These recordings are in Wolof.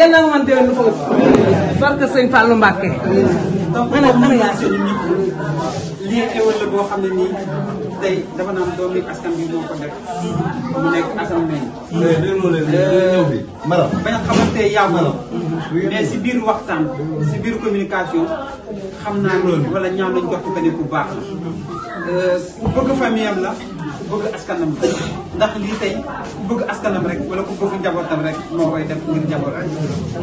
yal na nga mën déwén lu ko ëpp. barke sëñ man ak man yaa si lii xewal la boo xam ne nii tey dafa naan doomi askan bi moo ko def. mu nekk askan bi. léegi maram ba nga xamante yàgg la mais si biir waxtaan si biir communication xam naa ni wala ñaaw nañ jox ko ne bu baax la. Euh, bëgg famille am la. bëgg askanam ndax lii tey ku bëgg askanam rek wala ku bëgg njabootam rek moo koy def ngir njaboot rek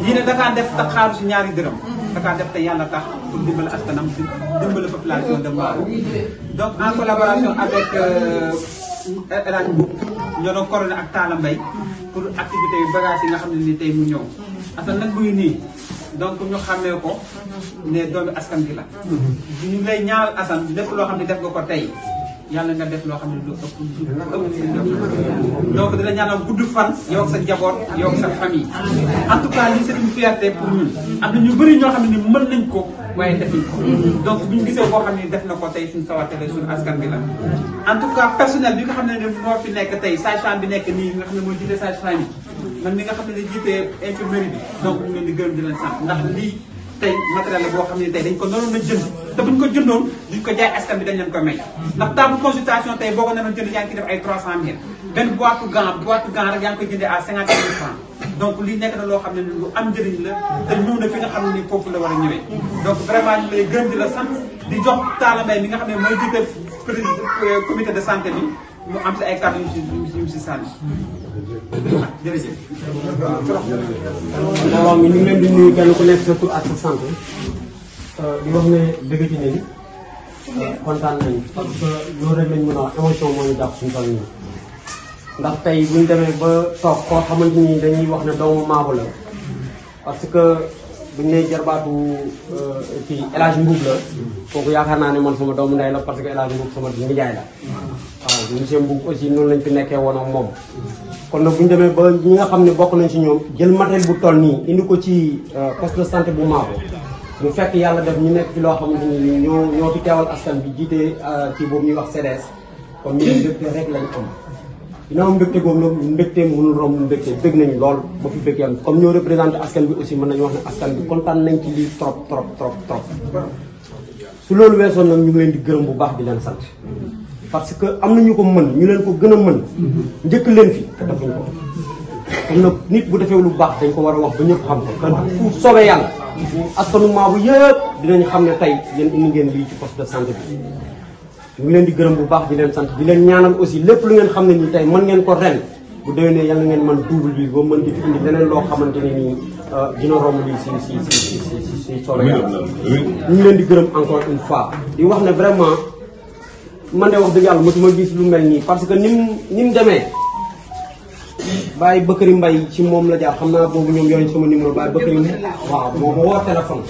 lii ne dakaa def te xaaru si ñaari dërëm dakaa def te yàlla tax pour dimbali askanam si dimbali population de Mbao donc en collaboration avec euh, El Hadj Mboup ñoo doon corona ak Talla Mbaye pour activité yu bagage yi nga xam ne ni tey mu ñëw asan nag muy nii donc ñu ko ne doomi askan gi la mm-hmm. ñu lay ñaanal asan lépp loo xam def nga ko yàlla nga def loo xam ne lu ëpp lu ëpp donc dina ñaanal gudd fan yow ak sa njaboot yow ak sa famille en tout cas li c'est une fierté pour ñun am ñu bëri ñoo xam ne mën nañ ko waaye defuñ ko donc bu ñu gisee koo xam ne def na ko tey suñu sawarte la suñu askan bi la en tout cas personnel bi nga xam ne moo fi nekk tey sage-femme bi nekk nii nga xam ne moo jiite sage-femme nga xam ne ne jiite infirmerie bi donc ñu leen di gërëm di leen sant ndax lii tey matériel la boo xam ne tey dañ ko naroon a jënd te buñ ko jëndoon duñ ko jaay askan bi dañ leen ko may ndax table consultation tey boo ko naroon jënd yaa ngi def ay 300000 benn boîte gant boîte gaan rek yaa ngi ko jëndee à 50 mille francs donc li nekk na loo xam ne lu am njëriñ la te ñëw na fi nga xam ne foofu la war a ñëwee donc vraiment ñu lay gën la sant di jox Talla Mbaye mi nga xam ne mooy jiite comité de santé bi mu am si ay kàddu yu si yu si sànni. jërëjëf. mbooloo mi ñu leen di nuyu kenn ku nekk sa tur ak sa sant euh, di wax ne dëgg ci nañu euh, kontaan nañu parce que loolu rek lañ mën wax émotion ñu suñu ndax ba dañuy wax ne doomu parce que. bu ñu nee jarbaatu euh, kii El Hadj Mbuub la kooku yaakaar naa ne man sama doomu ndey la parce que El Hadj Mbuub sama nijaay la waaw monsieur Mbuub aussi noonu lañ fi nekkee woon ak moom kon nag bu ñu demee ba ñi nga xam ne bokk nañ ci ñoom jël matériel bu toll nii indi ko ci euh, poste de santé bu Maabo mu fekk yàlla def ñu nekk ci loo xamante ni ñoo ñoo fi teewal askan bi jiite euh, kii boobu ñuy wax CDS kon ñu def rek lañ am dina am mbégte boobu nag mbégte mënul romb mbégte bëgg nañu lool ba fi bëgg yàlla comme ñoo représenté askan bi aussi mën nañu wax ne askan bi kontaan nañ ci lii trop trop trop trop su loolu weesoon nag ñu ngi leen di gërëm bu baax di leen sant parce que am na ñu ko mën ñu leen ko gën a mën njëkk leen fi te defuñ ko kon nag nit bu defee lu baax dañ ko war a wax ba ñëpp xam ko kan fu soobee yàlla askanu bu yëpp dinañ xam ne tey yéen indi ngeen lii ci poste de santé bi ñu ngi leen di gërëm bu baax di leen sant di leen ñaanal aussi lépp lu ngeen xam ne nii tey mën ngeen ko ren bu déwénee yàlla ngeen man double bi ba mën di fi indi leneen loo xamante ne nii euh, dina romb li si si si si si si si yàlla ñu ngi leen di gërëm encore une fois di wax ne vraiment man de wax dëgg yàlla mosuma gis lu mel nii parce que nim nim demee bàyyi bëkkëri mbay ci moom la jaar xam naa boobu ñoom yooyu sama numéro bàyyi bëkkëri waaw moo ko woo téléphone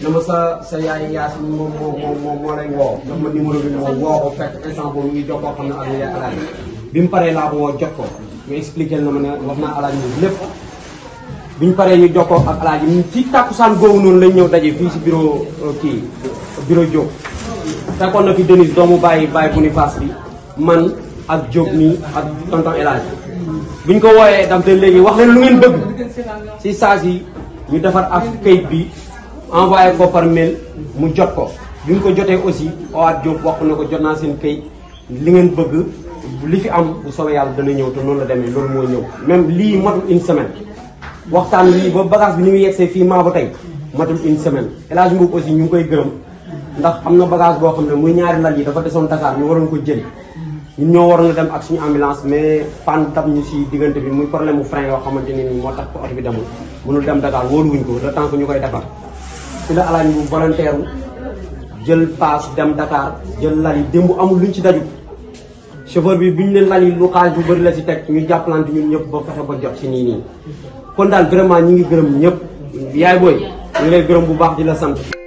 na ma sa sa yaay yaas moom moo moo moo lay woo. jox ma numéro bi moom woo ko fekk instant boobu mu ngi jokkoo xam ne ak yaay alaaj bi mu paree laa ko woo jot ko nga expliqué na ma ne wax naa alaaj moom lépp. bi ñu paree ñu jokkoo ak alaaj yi ci tàkkusaan googu noonu lañ ñëw daje fii si bureau euh, kii bureau Diop. fekkoon na fi Denis doomu bàyyi bàyyi Boniface bi man ak Diop nii ak tonton El Hadj bu ñu ko wooyee dam te léegi wax leen lu ngeen bëgg si saa si ñu defar ak kayit bi. envoyé ko par mail mu jot ko bi ñu ko jotee aussi Owaat Diop waxu na ko jot naa seen këy li ngeen bëgg li fi am bu soobee yàlla dana ñëw te noonu la demee loolu moo ñëw même lii matul une semaine waxtaan lii ba bagage bi ni muy yegsee fii maa ba tey matul une semaine El Hadj Mbow aussi ñu ngi koy gërëm ndax am na bagage boo xam ne muy ñaari lal yi dafa desoon dakaar ñu waroon ko jëli ñun ñoo waroon a dem ak suñu ambulance mais panne tam ñu si diggante bi muy problème mu frein yoo xamante ne nii moo ko oto bi demul mënul dem Dakar wóoruwuñ ko le temps koy defar fi la alaaji bu volontaire jël paas dem Dakar jël lal yi démb amul luñ ci dajut chauffeur bi bu ñu leen lal yi lu xaalis bu bëri la ci teg ñu jàppalante ñun ñëpp ba fexe ba jot ci nii nii kon daal vraiment ñi ngi gërëm ñëpp yaay booy ñu lay gërëm bu baax di la sant